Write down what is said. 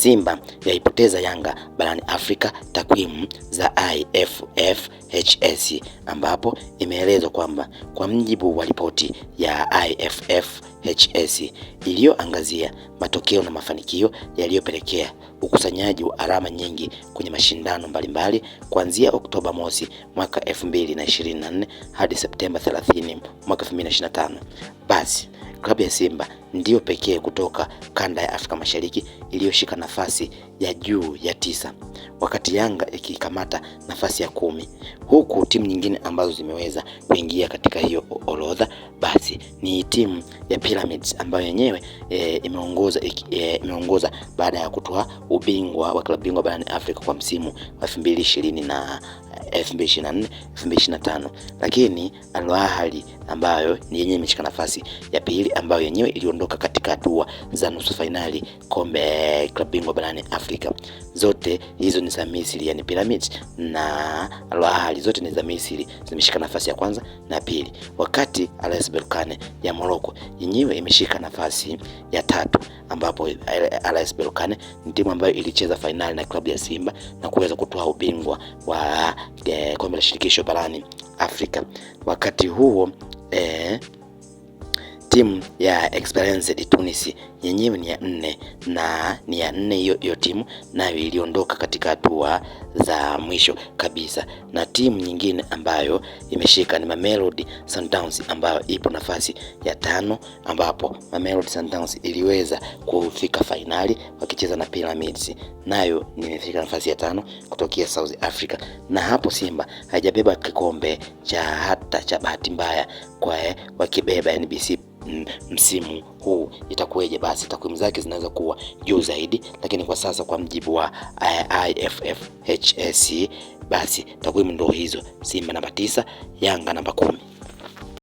Simba yaipoteza Yanga barani Afrika, takwimu za IFFHS, ambapo imeelezwa kwamba kwa mjibu wa ripoti ya IFFHS iliyoangazia matokeo na mafanikio yaliyopelekea ukusanyaji wa alama nyingi kwenye mashindano mbalimbali kuanzia Oktoba mosi mwaka 2024 hadi Septemba 30 mwaka 2025 basi klabu ya Simba ndiyo pekee kutoka kanda ya Afrika Mashariki iliyoshika nafasi ya juu ya tisa, wakati Yanga ikikamata nafasi ya kumi, huku timu nyingine ambazo zimeweza kuingia katika hiyo orodha basi ni timu ya Pyramids ambayo yenyewe e, imeongoza e, imeongoza baada ya kutoa ubingwa wa klabu bingwa barani Afrika kwa msimu wa 2020 na 2024 2025, lakini Al Ahly ambayo ni yenyewe imeshika nafasi ya pili, ambayo yenyewe iliondoka katika hatua za nusu fainali kombe klabu bingwa barani Afrika. Zote hizo ni za Misri, yani Pyramids na Al Ahly, zote ni za Misri, zimeshika nafasi ya kwanza na pili, wakati Al Berkane ya Morocco yenyewe imeshika nafasi ya tatu, ambapo Al Berkane ni timu ambayo ilicheza fainali na klabu ya Simba na kuweza kutoa ubingwa wa eh, kombe la shirikisho barani Afrika. Wakati huo えー timu ya Esperance Tunisia yenyewe ni ya nne na ni ya nne hiyo hiyo timu nayo iliondoka katika hatua za mwisho kabisa, na timu nyingine ambayo imeshika ni Mamelodi Sundowns ambayo ipo nafasi ya tano, ambapo Mamelodi Sundowns iliweza kufika fainali wakicheza na Pyramids, nayo nimefika nafasi ya tano kutokea South Africa. Na hapo Simba haijabeba kikombe cha hata cha bahati mbaya kwa wakibeba NBC msimu huu itakuwaje? Basi takwimu zake zinaweza kuwa juu zaidi, lakini kwa sasa kwa mjibu wa eh, IFFHS e, basi takwimu ndio hizo: Simba namba tisa, Yanga namba kumi.